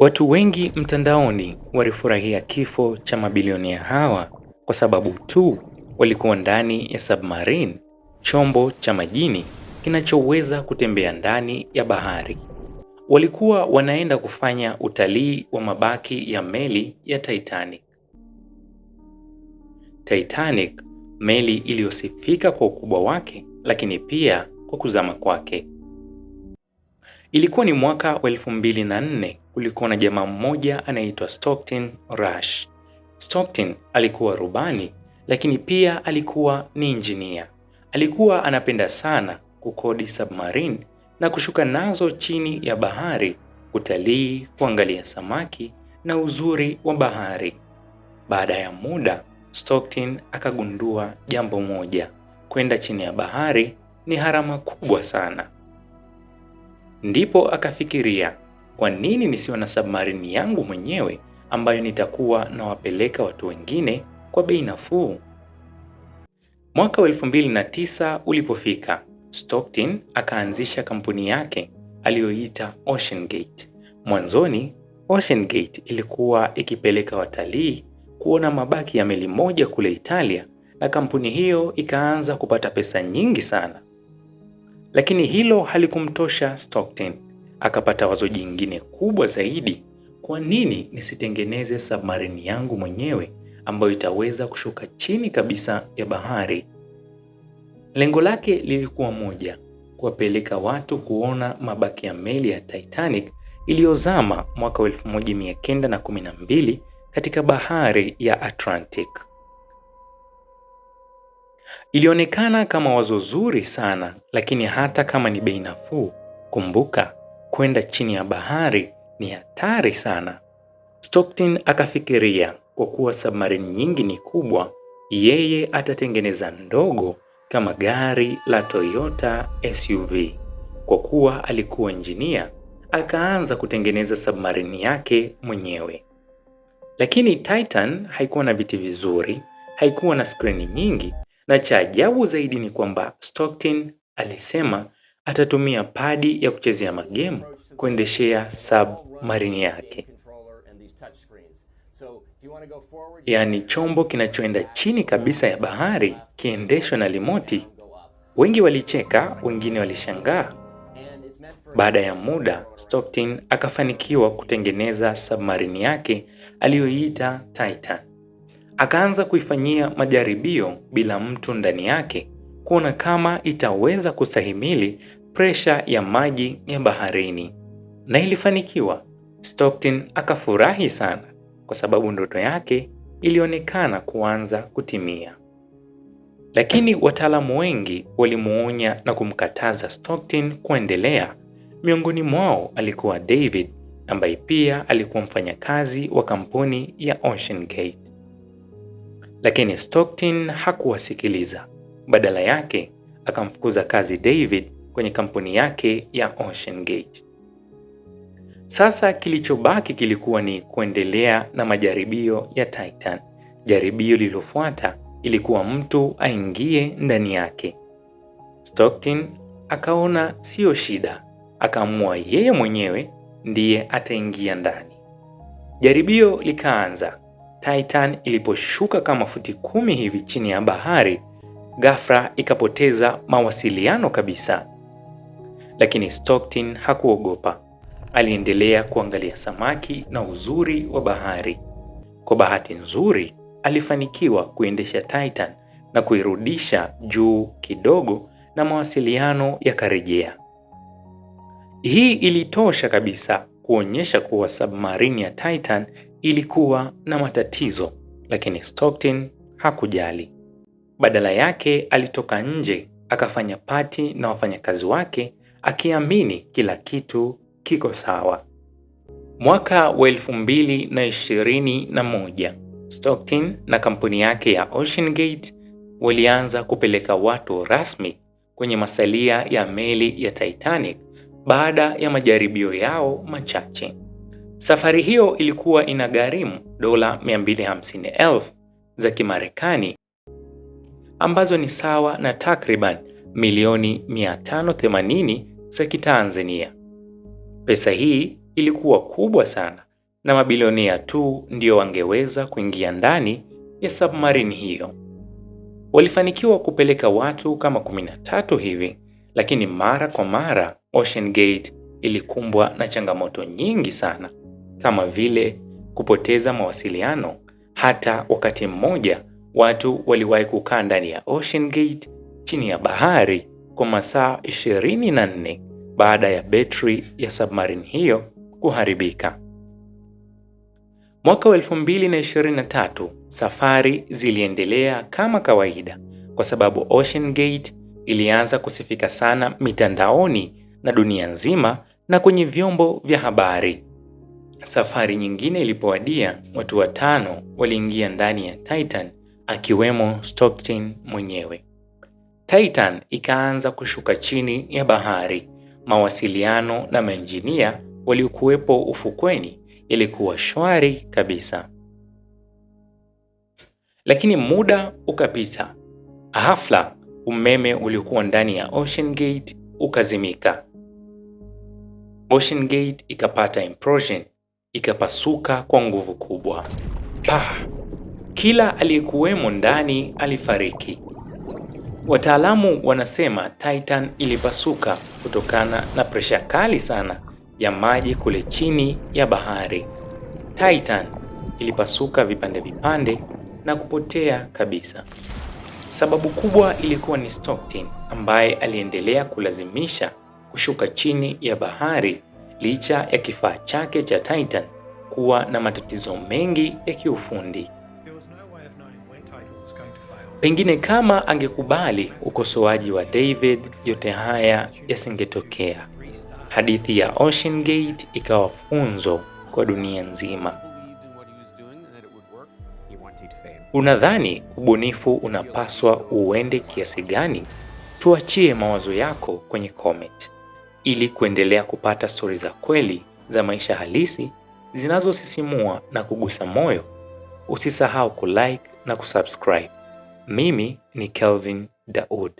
Watu wengi mtandaoni walifurahia kifo cha mabilionea hawa kwa sababu tu walikuwa ndani ya submarine, chombo cha majini kinachoweza kutembea ndani ya bahari. Walikuwa wanaenda kufanya utalii wa mabaki ya meli ya Titanic. Titanic, meli iliyosifika kwa ukubwa wake, lakini pia kwa kuzama kwake. Ilikuwa ni mwaka wa elfu mbili na nne. Kulikuwa na jamaa mmoja anaitwa Stockton Rush. Stockton alikuwa rubani, lakini pia alikuwa ni injinia. Alikuwa anapenda sana kukodi submarine na kushuka nazo chini ya bahari, kutalii, kuangalia samaki na uzuri wa bahari. Baada ya muda, Stockton akagundua jambo moja: kwenda chini ya bahari ni harama kubwa sana. Ndipo akafikiria, kwa nini nisiwe na submarine yangu mwenyewe ambayo nitakuwa nawapeleka watu wengine kwa bei nafuu? Mwaka wa 2009 ulipofika, Stockton akaanzisha kampuni yake aliyoita Ocean Gate. Mwanzoni Ocean Gate ilikuwa ikipeleka watalii kuona mabaki ya meli moja kule Italia, na kampuni hiyo ikaanza kupata pesa nyingi sana. Lakini hilo halikumtosha Stockton, akapata wazo jingine kubwa zaidi. Kwa nini nisitengeneze submarine yangu mwenyewe ambayo itaweza kushuka chini kabisa ya bahari? Lengo lake lilikuwa moja, kuwapeleka watu kuona mabaki ya meli ya Titanic iliyozama mwaka 1912 katika bahari ya Atlantic. Ilionekana kama wazo zuri sana, lakini hata kama ni bei nafuu, kumbuka kwenda chini ya bahari ni hatari sana. Stockton akafikiria kwa kuwa submarine nyingi ni kubwa, yeye atatengeneza ndogo kama gari la Toyota SUV. Kwa kuwa alikuwa injinia, akaanza kutengeneza submarine yake mwenyewe. Lakini Titan haikuwa na viti vizuri, haikuwa na skrini nyingi na cha ajabu zaidi ni kwamba Stockton alisema atatumia padi ya kuchezea magemu kuendeshea submarini yake, yaani chombo kinachoenda chini kabisa ya bahari kiendeshwa na limoti. Wengi walicheka, wengine walishangaa. Baada ya muda, Stockton akafanikiwa kutengeneza submarini yake aliyoiita Titan. Akaanza kuifanyia majaribio bila mtu ndani yake kuona kama itaweza kustahimili presha ya maji ya baharini, na ilifanikiwa. Stockton akafurahi sana kwa sababu ndoto yake ilionekana kuanza kutimia. Lakini wataalamu wengi walimuonya na kumkataza Stockton kuendelea. Miongoni mwao alikuwa David ambaye pia alikuwa mfanyakazi wa kampuni ya Gate lakini Stockton hakuwasikiliza. Badala yake akamfukuza kazi David kwenye kampuni yake ya Ocean Gate. Sasa kilichobaki kilikuwa ni kuendelea na majaribio ya Titan. Jaribio lililofuata ilikuwa mtu aingie ndani yake. Stockton akaona siyo shida, akaamua yeye mwenyewe ndiye ataingia ndani. Jaribio likaanza. Titan iliposhuka kama futi kumi hivi chini ya bahari, ghafla ikapoteza mawasiliano kabisa. Lakini Stockton hakuogopa. Aliendelea kuangalia samaki na uzuri wa bahari. Kwa bahati nzuri, alifanikiwa kuendesha Titan na kuirudisha juu kidogo na mawasiliano yakarejea. Hii ilitosha kabisa kuonyesha kuwa submarine ya Titan ilikuwa na matatizo, lakini Stockton hakujali. Badala yake alitoka nje akafanya pati na wafanyakazi wake akiamini kila kitu kiko sawa. Mwaka wa elfu mbili na ishirini na moja Stockton na kampuni yake ya Ocean Gate walianza kupeleka watu rasmi kwenye masalia ya meli ya Titanic baada ya majaribio yao machache. Safari hiyo ilikuwa ina gharimu dola 250,000 za Kimarekani ambazo ni sawa na takriban milioni 580 za Kitanzania. Pesa hii ilikuwa kubwa sana na mabilionea tu ndio wangeweza kuingia ndani ya submarine hiyo. Walifanikiwa kupeleka watu kama 13 hivi, lakini mara kwa mara Ocean Gate ilikumbwa na changamoto nyingi sana kama vile kupoteza mawasiliano. Hata wakati mmoja watu waliwahi kukaa ndani ya Ocean Gate chini ya bahari kwa masaa 24 baada ya betri ya submarine hiyo kuharibika. Mwaka wa 2023 safari ziliendelea kama kawaida kwa sababu Ocean Gate ilianza kusifika sana mitandaoni na dunia nzima na kwenye vyombo vya habari. Safari nyingine ilipowadia, watu watano waliingia ndani ya Titan akiwemo Stockton mwenyewe. Titan ikaanza kushuka chini ya bahari. Mawasiliano na mainjinia waliokuwepo ufukweni ilikuwa shwari kabisa, lakini muda ukapita. Hafla umeme uliokuwa ndani ya Ocean Gate ukazimika. Ocean Gate ikapata implosion ikapasuka kwa nguvu kubwa. Pa! Kila aliyekuwemo ndani alifariki. Wataalamu wanasema Titan ilipasuka kutokana na presha kali sana ya maji kule chini ya bahari. Titan ilipasuka vipande vipande na kupotea kabisa. Sababu kubwa ilikuwa ni Stockton ambaye aliendelea kulazimisha kushuka chini ya bahari licha ya kifaa chake cha Titan kuwa na matatizo mengi ya kiufundi. Pengine kama angekubali ukosoaji wa David, yote haya yasingetokea. Hadithi ya Ocean Gate ikawa funzo kwa dunia nzima. Unadhani ubunifu unapaswa uende kiasi gani? Tuachie mawazo yako kwenye comment ili kuendelea kupata stori za kweli za maisha halisi zinazosisimua na kugusa moyo, usisahau kulike na kusubscribe. Mimi ni Kelvin Daud.